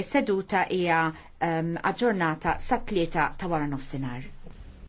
s-seduta hija ehm, aġġornata sa tlieta ta' wara nofsinhar.